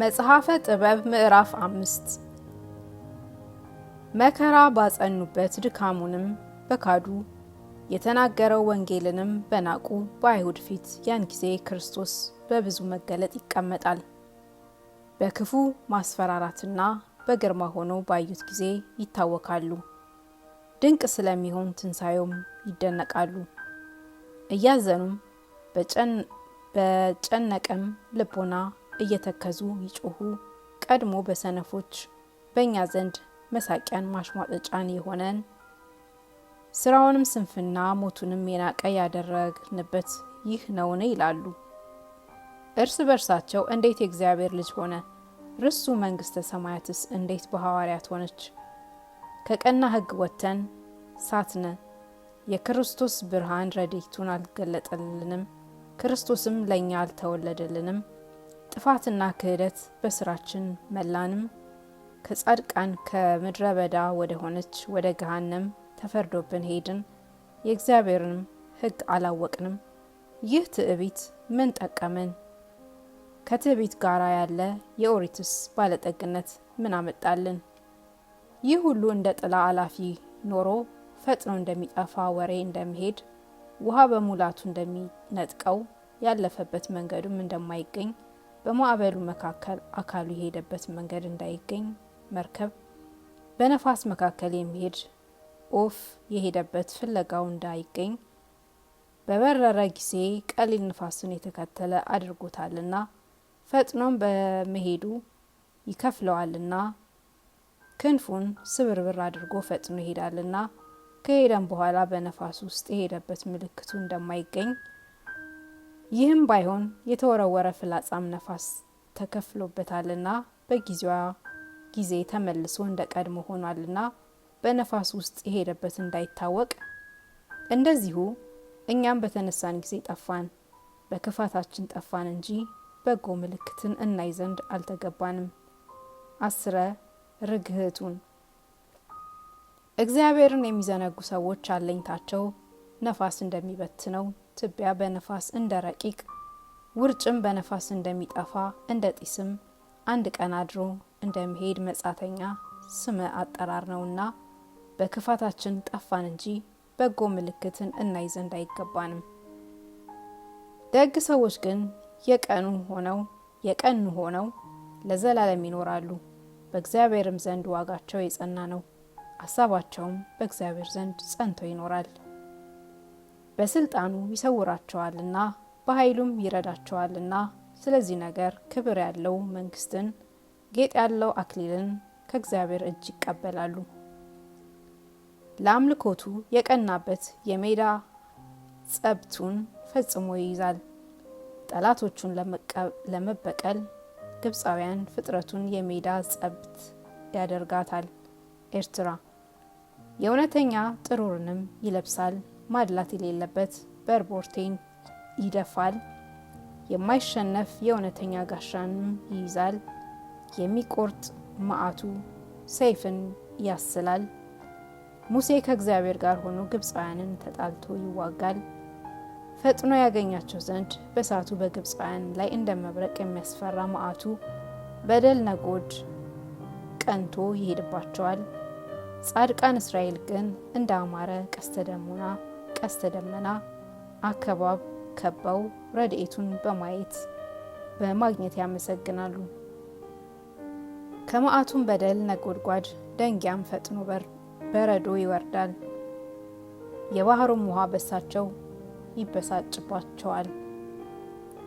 መጽሐፈ ጥበብ ምዕራፍ አምስት መከራ ባጸኑበት ድካሙንም በካዱ የተናገረው ወንጌልንም በናቁ በአይሁድ ፊት ያን ጊዜ ክርስቶስ በብዙ መገለጥ ይቀመጣል። በክፉ ማስፈራራትና በግርማ ሆነው ባዩት ጊዜ ይታወካሉ። ድንቅ ስለሚሆን ትንሣኤውም ይደነቃሉ። እያዘኑም በጨነቀም ልቦና እየተከዙ ይጮሁ ቀድሞ በሰነፎች በእኛ ዘንድ መሳቂያን ማሽሟጠጫን የሆነን ስራውንም ስንፍና ሞቱንም የናቀ ያደረግንበት ይህ ነውን ይላሉ። እርስ በርሳቸው እንዴት የእግዚአብሔር ልጅ ሆነ? ርሱ መንግስተ ሰማያትስ እንዴት በሐዋርያት ሆነች? ከቀና ሕግ ወጥተን ሳትነ የክርስቶስ ብርሃን ረድኤቱን አልገለጠልንም። ክርስቶስም ለእኛ አልተወለደልንም። ጥፋትና ክህደት በስራችን መላንም ከጻድቃን ከምድረ በዳ ወደ ሆነች ወደ ገሃነም ተፈርዶብን ሄድን። የእግዚአብሔርንም ሕግ አላወቅንም። ይህ ትዕቢት ምን ጠቀመን? ከትዕቢት ጋር ያለ የኦሪትስ ባለጠግነት ምን አመጣልን? ይህ ሁሉ እንደ ጥላ አላፊ ኖሮ ፈጥኖ እንደሚጠፋ ወሬ እንደሚሄድ ውሃ በሙላቱ እንደሚነጥቀው ያለፈበት መንገዱም እንደማይገኝ በማዕበሉ መካከል አካሉ የሄደበት መንገድ እንዳይገኝ መርከብ፣ በነፋስ መካከል የሚሄድ ኦፍ የሄደበት ፍለጋው እንዳይገኝ በበረረ ጊዜ ቀሊል ንፋስን የተከተለ አድርጎታልና ፈጥኖም በመሄዱ ይከፍለዋልና ክንፉን ስብርብር አድርጎ ፈጥኖ ይሄዳልና ከሄደም በኋላ በነፋስ ውስጥ የሄደበት ምልክቱ እንደማይገኝ ይህም ባይሆን የተወረወረ ፍላጻም ነፋስ ተከፍሎበታልና በጊዜዋ ጊዜ ተመልሶ እንደ ቀድሞ ሆኗልና በነፋስ ውስጥ የሄደበት እንዳይታወቅ እንደዚሁ እኛም በተነሳን ጊዜ ጠፋን፣ በክፋታችን ጠፋን እንጂ በጎ ምልክትን እናይ ዘንድ አልተገባንም። አስረ ርግህቱን እግዚአብሔርን የሚዘነጉ ሰዎች አለኝታቸው ነፋስ እንደሚበትነው ትቢያ በነፋስ እንደ ረቂቅ ውርጭም በነፋስ እንደሚጠፋ እንደ ጢስም አንድ ቀን አድሮ እንደሚሄድ መጻተኛ ስመ አጠራር ነውና በክፋታችን ጠፋን እንጂ በጎ ምልክትን እናይ ዘንድ አይገባንም። ደግ ሰዎች ግን የቀኑ ሆነው የቀኑ ሆነው ለዘላለም ይኖራሉ። በእግዚአብሔርም ዘንድ ዋጋቸው የጸና ነው፣ አሳባቸውም በእግዚአብሔር ዘንድ ጸንቶ ይኖራል። በስልጣኑ ይሰውራቸዋልና በኃይሉም ይረዳቸዋልና ስለዚህ ነገር ክብር ያለው መንግስትን ጌጥ ያለው አክሊልን ከእግዚአብሔር እጅ ይቀበላሉ። ለአምልኮቱ የቀናበት የሜዳ ጸብቱን ፈጽሞ ይይዛል። ጠላቶቹን ለመበቀል ግብፃውያን ፍጥረቱን የሜዳ ጸብት ያደርጋታል። ኤርትራ የእውነተኛ ጥሩርንም ይለብሳል። ማድላት የሌለበት በርቦርቴን ይደፋል። የማይሸነፍ የእውነተኛ ጋሻንም ይይዛል። የሚቆርጥ መዓቱ ሰይፍን ያስላል። ሙሴ ከእግዚአብሔር ጋር ሆኖ ግብፃውያንን ተጣልቶ ይዋጋል። ፈጥኖ ያገኛቸው ዘንድ በእሳቱ በግብፃውያን ላይ እንደ መብረቅ የሚያስፈራ መዓቱ በደል ነጎድ ቀንቶ ይሄድባቸዋል። ጻድቃን እስራኤል ግን እንደ አማረ ቀስተ ደመና ቀስተ ደመና አከባብ ከበው ረድኤቱን በማየት በማግኘት ያመሰግናሉ። ከመዓቱም በደል ነጎድጓድ ደንጊያም ፈጥኖ በረዶ ይወርዳል። የባህሩም ውሃ በሳቸው ይበሳጭባቸዋል።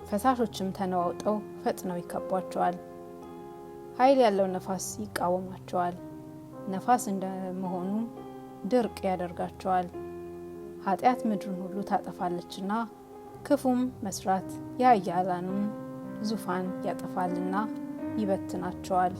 ፈሳሾችም ተነዋውጠው ፈጥነው ይከቧቸዋል። ኃይል ያለው ነፋስ ይቃወማቸዋል። ነፋስ እንደመሆኑ ድርቅ ያደርጋቸዋል። ኃጢአት ምድርን ሁሉ ታጠፋለችና ክፉም መስራት የኃያላኑን ዙፋን ያጠፋልና ይበትናቸዋል።